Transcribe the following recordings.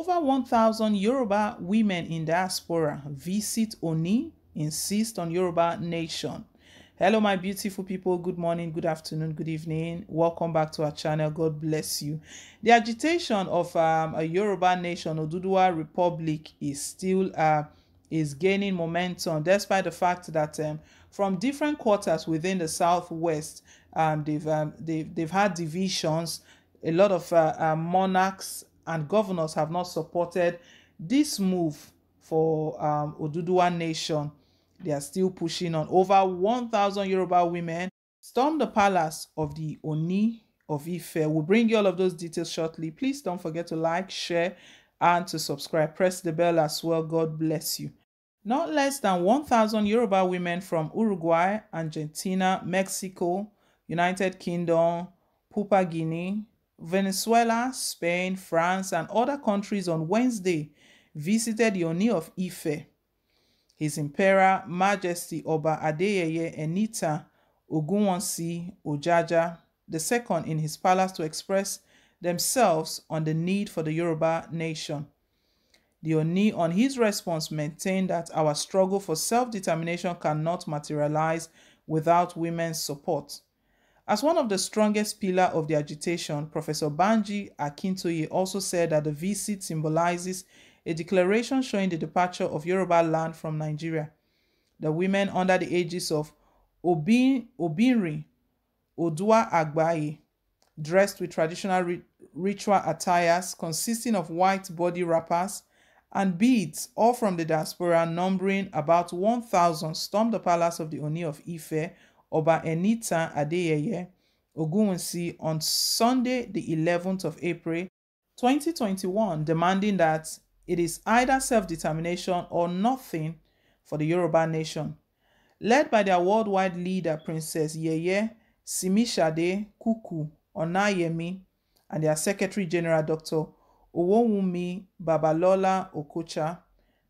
Over 1,000 Yoruba women in diaspora visit Oni, insist on Yoruba nation. Hello, my beautiful people. Good morning, good afternoon, good evening. Welcome back to our channel. God bless you. The agitation of um, a Yoruba nation, Oduduwa Republic, is still uh, is gaining momentum, despite the fact that um, from different quarters within the southwest, um, they've, um, they've they've had divisions. A lot of uh, uh, monarchs and governors have not supported this move for um, Oduduwa Nation. They are still pushing on. Over 1,000 Yoruba women stormed the palace of the Oni of Ife. We'll bring you all of those details shortly. Please don't forget to like, share, and to subscribe. Press the bell as well. God bless you. Not less than 1,000 Yoruba women from Uruguay, Argentina, Mexico, United Kingdom, Papua Guinea, Venezuela, Spain, France, and other countries on Wednesday visited the Oni of Ife. His Imperial Majesty Oba Adeyeye Enita Ogunwonsi Ojaja II in his palace to express themselves on the need for the Yoruba nation. The Oni, on his response, maintained that our struggle for self determination cannot materialize without women's support. As one of the strongest pillar of the agitation, Professor Banji Akintoye also said that the visit symbolizes a declaration showing the departure of Yoruba land from Nigeria. The women under the ages of Obin, Obinri, Odua Agbaye, dressed with traditional ri ritual attires consisting of white body wrappers and beads, all from the diaspora numbering about 1,000, stormed the palace of the Oni of Ife Oba Enita Adeyeye Ogunwusi on Sunday, the 11th of April 2021, demanding that it is either self-determination or nothing for the Yoruba nation. Led by their worldwide leader, Princess Yeye Simishade Kuku Onayemi, and their Secretary General, Dr. Owowumi Babalola Okocha,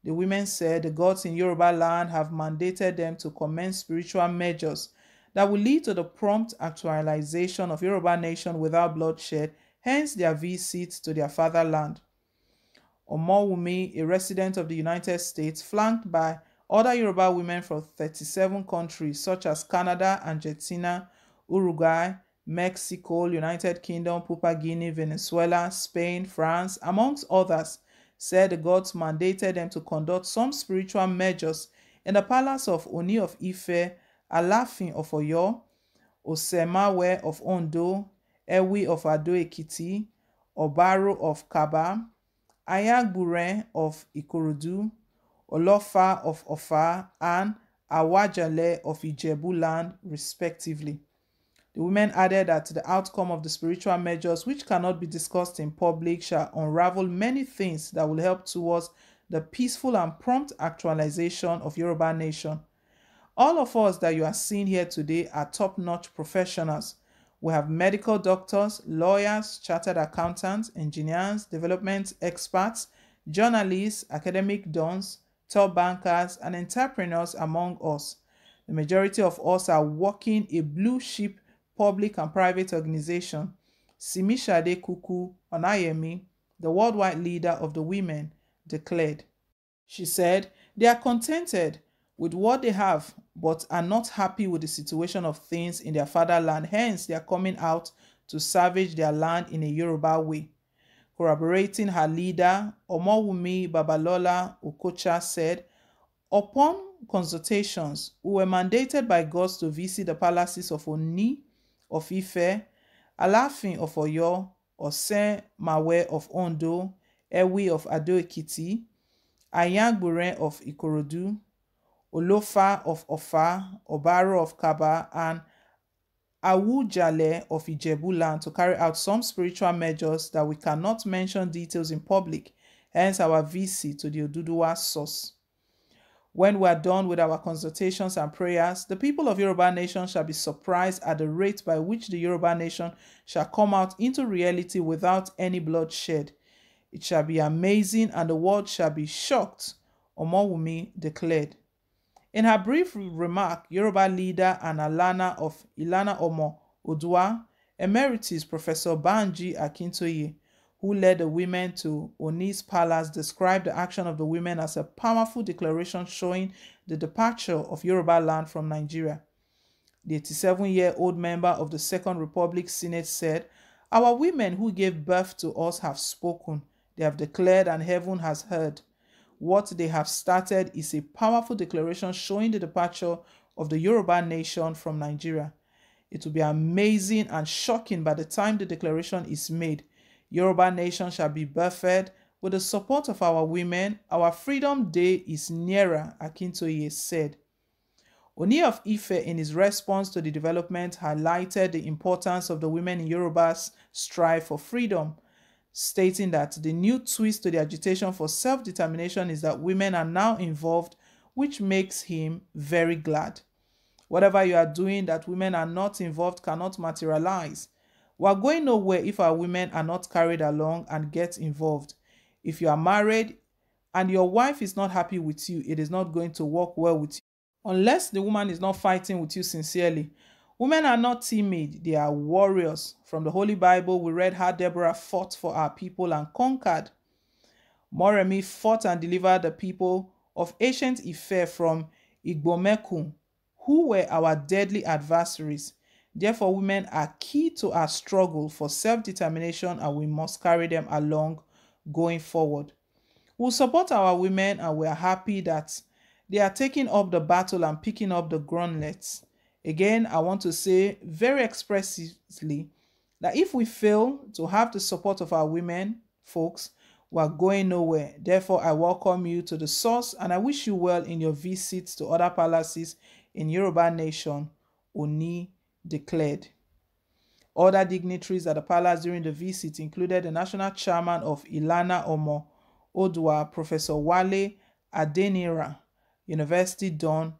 the women said the gods in Yoruba land have mandated them to commence spiritual measures that will lead to the prompt actualization of Yoruba nation without bloodshed, hence their visit to their fatherland. Omowumi, a resident of the United States, flanked by other Yoruba women from 37 countries such as Canada, Argentina, Uruguay, Mexico, United Kingdom, Papua Guinea, Venezuela, Spain, France, amongst others, said the gods mandated them to conduct some spiritual measures in the palace of Oni of Ife alaafin of oyo osemawe of ondo ewi of ado-ekiti obaro of Kaba, ayagbure of ikorodu olofa of ofa and awajale of ijebu-land respectively. The women added that the outcome of the spiritual measures which cannot be discussed in public shall unravel many things that will help towards the peaceful and prompt actualization of Yoruba nation. All of us that you are seeing here today are top notch professionals. We have medical doctors, lawyers, chartered accountants, engineers, development experts, journalists, academic dons, top bankers, and entrepreneurs among us. The majority of us are working a blue chip public and private organization. De Kuku IME, the worldwide leader of the women, declared. She said, They are contented with what they have but are not happy with the situation of things in their fatherland. Hence, they are coming out to savage their land in a Yoruba way. Corroborating her leader, Omowumi Babalola Okocha said, Upon consultations, we were mandated by God to visit the palaces of Oni, of Ife, Alafin of Oyo, Osen Mawe of Ondo, Ewi of Ado-Ekiti, Ayangburen of Ikorodu, Olofa of Ofa, Obaro of Kaba, and Awujale of Ijebuland to carry out some spiritual measures that we cannot mention details in public, hence our VC to the Oduduwa source. When we are done with our consultations and prayers, the people of Yoruba nation shall be surprised at the rate by which the Yoruba nation shall come out into reality without any bloodshed. It shall be amazing and the world shall be shocked, Omowumi declared. In her brief remark, Yoruba leader and Alana of Ilana Omo Odua, Emeritus Professor Banji Akintoye, who led the women to Oni's palace, described the action of the women as a powerful declaration showing the departure of Yoruba land from Nigeria. The 87 year old member of the Second Republic Senate said, Our women who gave birth to us have spoken, they have declared, and heaven has heard. What they have started is a powerful declaration showing the departure of the Yoruba nation from Nigeria. It will be amazing and shocking by the time the declaration is made. Yoruba nation shall be buffered with the support of our women. Our freedom day is nearer, Akintoye said. Oni of Ife, in his response to the development, highlighted the importance of the women in Yoruba's strive for freedom stating that the new twist to the agitation for self-determination is that women are now involved, which makes him very glad. Whatever you are doing that women are not involved cannot materialize. We are going nowhere if our women are not carried along and get involved. If you are married and your wife is not happy with you, it is not going to work well with you. Unless the woman is not fighting with you sincerely Women are not timid, they are warriors. From the Holy Bible, we read how Deborah fought for our people and conquered. Moremi fought and delivered the people of ancient Ife from Igbomeku, who were our deadly adversaries. Therefore, women are key to our struggle for self determination and we must carry them along going forward. we we'll support our women and we are happy that they are taking up the battle and picking up the gauntlets. Again, I want to say very expressly that if we fail to have the support of our women folks, we're going nowhere. Therefore, I welcome you to the source and I wish you well in your visits to other palaces in Yoruba Nation, Oni declared. Other dignitaries at the palace during the visit included the national chairman of Ilana Omo Odua, Professor Wale Adenira, University Don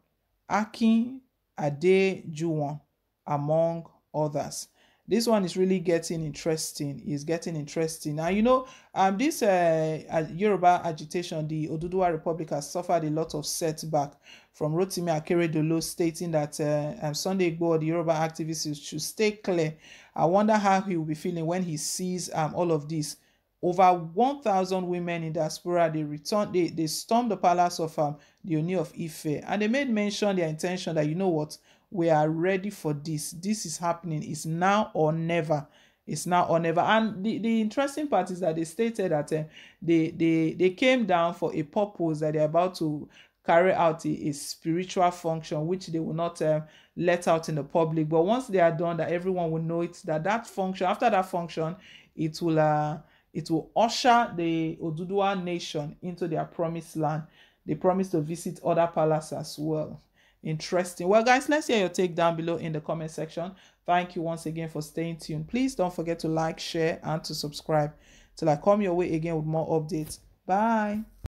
Akin Adejuwon, among others. This one is really getting interesting. It's getting interesting. Now, you know, um, this uh, Yoruba agitation, the Oduduwa Republic has suffered a lot of setback from Rotimi Akeredolu stating that uh, um, Sunday Igboho, the Yoruba activists should stay clear. I wonder how he will be feeling when he sees um, all of this Over 1,000 women in diaspora, they returned, they, they stormed the palace of um, the Oni of Ife. And they made mention their intention that, you know what, we are ready for this. This is happening. It's now or never. It's now or never. And the, the interesting part is that they stated that uh, they, they, they came down for a purpose that they're about to carry out a, a, spiritual function which they will not um, let out in the public but once they are done that everyone will know it that that function after that function it will uh, It will usher the Oduduwa nation into their promised land. They promise to visit other palaces as well. Interesting. Well, guys, let's hear your take down below in the comment section. Thank you once again for staying tuned. Please don't forget to like, share, and to subscribe. Till I come your way again with more updates. Bye.